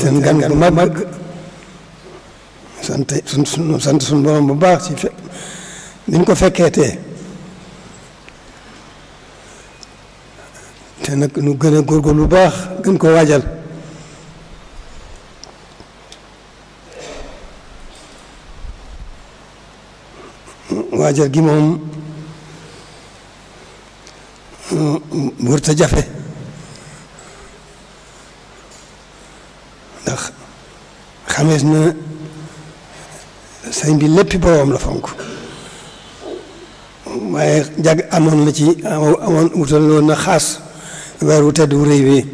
seen gan bu mu sant sun sant suñu borom bu baax ci niñ ko fekkee tee te nag nu gën a góorgóorlu bu baax gën ko waajal waajal gi moom wërta jafe ndax xamees na sëñ bi léppi boroom la fonk waaye jàgg amoon na ci amoon wutal woon na xaas weer wu tedd wu rëy wi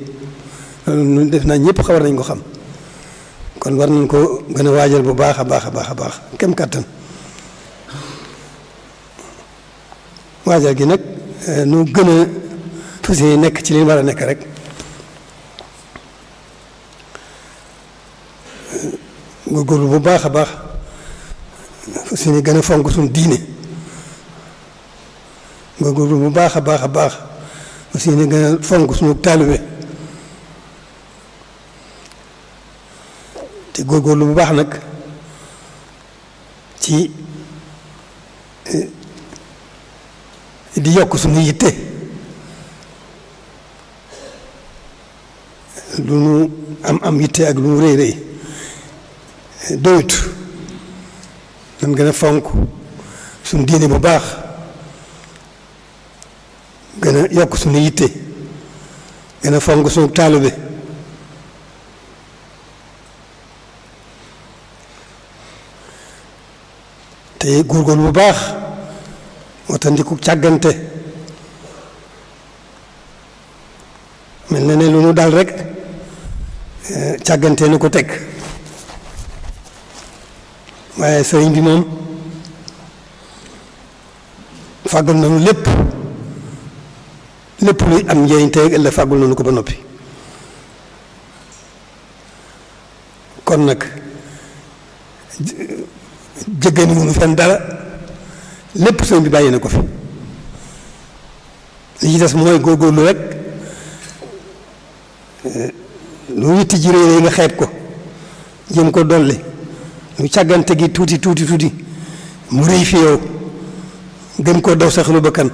loolu def naa ñëpp xawar nañ ko xam kon war nañ ko gën waajal bu baax a baax a baax a baax kem kàttan waajal gi nag eh, nu gën a fas yéene nekk ci li war a nekk rek góorgóorlu bu baax a baax suñu gën a fonk suñu diine góorgóorlu bu baax a baax a baax suñu gën a fonk suñu taalibe te góorgóorlu bu baax nag ci eh, di yokk suñu yitte lu nu am am yitte ak lu nu rëy rëy doyut nan gën a fonk suñ diine bu baax gën a yokk suñu yitte gën a fonk suñu taalube te góorgóorlu bu baax watandiku càggante mel na ne lu daal rek eh, càggante nu ko teg waaye sëriñ bi moom fàggal nañu lépp lépp luy am njëriñ tey ëllëg fàggul nañu ko ba noppi kon nag jëggani wuñu fenn dara lépp sëriñ bi bàyyi na ko fi li ci des mooy góorgóorlu rek lu witti ji réy nga xeeb ko jëm ko dolli lu càggante gi tuuti tuuti tuuti mu rëy fi yow gën koo daw sax lu bakkan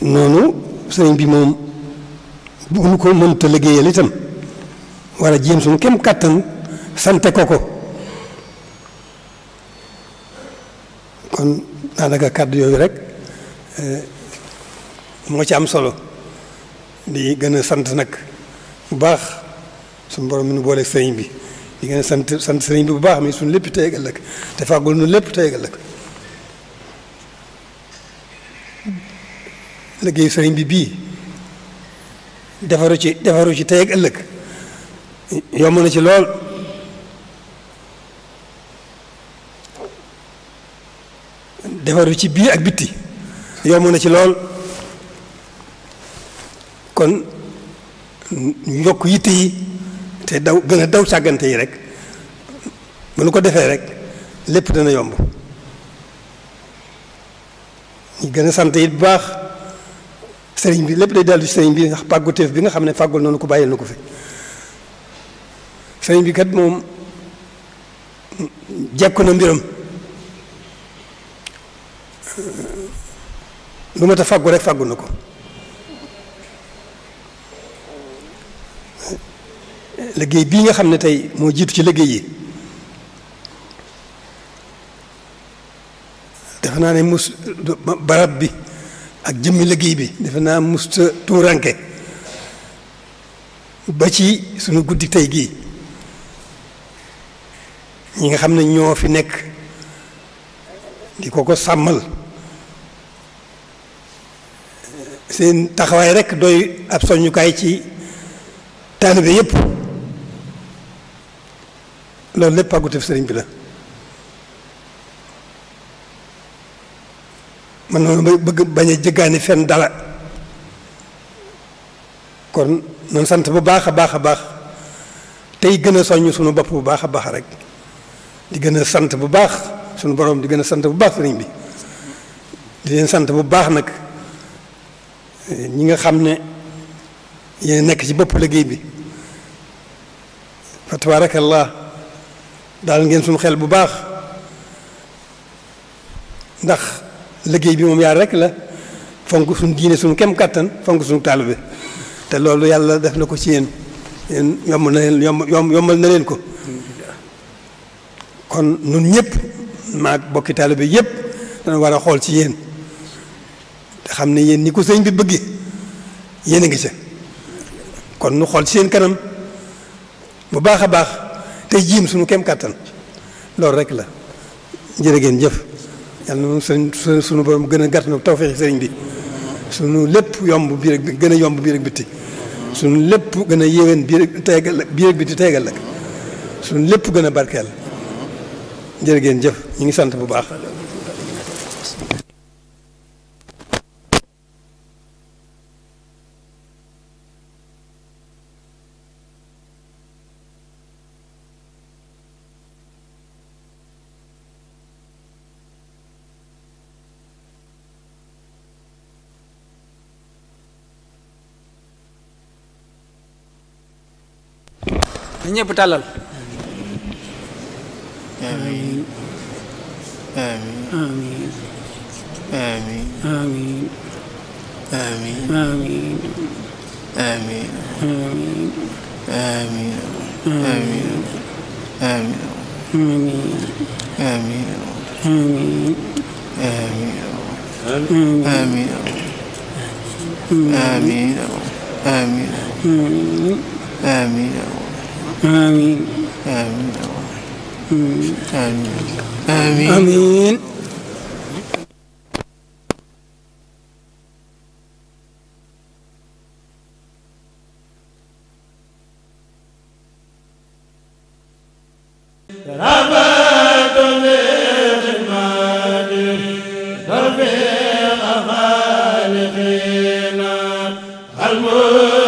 noonu sëriñ bi moom bu nu ko mënta liggéeyal itam war a jéem suñu kem kàttan sante ko ko kon daanaka kàddu yooyu rek eh, moo ci am solo di gën a sant nag bu baax su borom mi nu booleeg sëriñ bi di gën a sant sëriñ bi bu baax mi suñu lépp tey ak ëllëg te fàggul nu lépp tey ëllëg liggéeyu sëriñ bi bii defaru ci defaru ci tey ëllëg yomb na ci lool defaru ci biir ak bitti yomb na ci lool kon ñu yokk yitte yi te daw gën a daw sàggante yi rek bu nu ko defee rek lépp dana yomb ñu gën a sant it bu baax sëriñ bi lépp day dellu ci sëriñ bi ndax pàgguteef bi nga xam ne fàggul noonu ko bàyyi na ko fi sëriñ bi kat moom jekku na mbiram lu ma ta fàggu rek fàggu na ko liggéey bii nga xam ne tey moo jiitu ci liggéey yi defe naa ne mus barab bi ak jëmmi liggéey bi defe naa musta tuuranke ba ci suñu guddi tey gii ñi nga xam ne ñoo fi nekk di ko ko sàmmal seen taxawaay rekk doy ab soññukaay ci taalibe yépp loolu lépp pàggutef sëriñ bi la man noonu bëgg bañ a jëggaani fenn dara kon noonu sant bu baax a baax a baax tey gën a soññ sunu bopp bu baax a baax rek di gën a sant bu baax sunu borom di gën a sant bu baax sëriñ bi di leen sant bu baax nag ñi nga xam ne yéen nekk ci bopp liggéey bi fa tabarakallah daal ngeen suñu xel bu baax ndax liggéey bi moom yaar rek la fonk suñu diine suñu kem kàttan fonk suñu taalibe te loolu yàlla def na ko ci yéen yéen yomb na leen yomb yombal na leen ko kon nun ñëpp maag bokki taalibe yépp dañu war a xool ci yéen te xam ne yéen ni ko sëñ bi bëgge yéen a ngi ca kon nu xool ci seen kanam bu baax a baax te jiim suñu kem kàttan loolu rek la jërë ngeen jëf yàlla su suñu suñu borom gën a gàtt nag tawfeexi sëriñ bi suñu lépp yomb biir ak gën a yomb biir ak bitti suñu lépp gën a yéwén biir ak teegal biir ak bitti teegal la suñu lépp gën a barkeel jërë ngeen jëf ñu ngi sant bu baax na ñëpp tàllal amiin amiin amiin amiin amiin amiin amiin amiin amiin amiin amiin amiin amiin آمين آمين آمين آمين, آمين. المؤمنين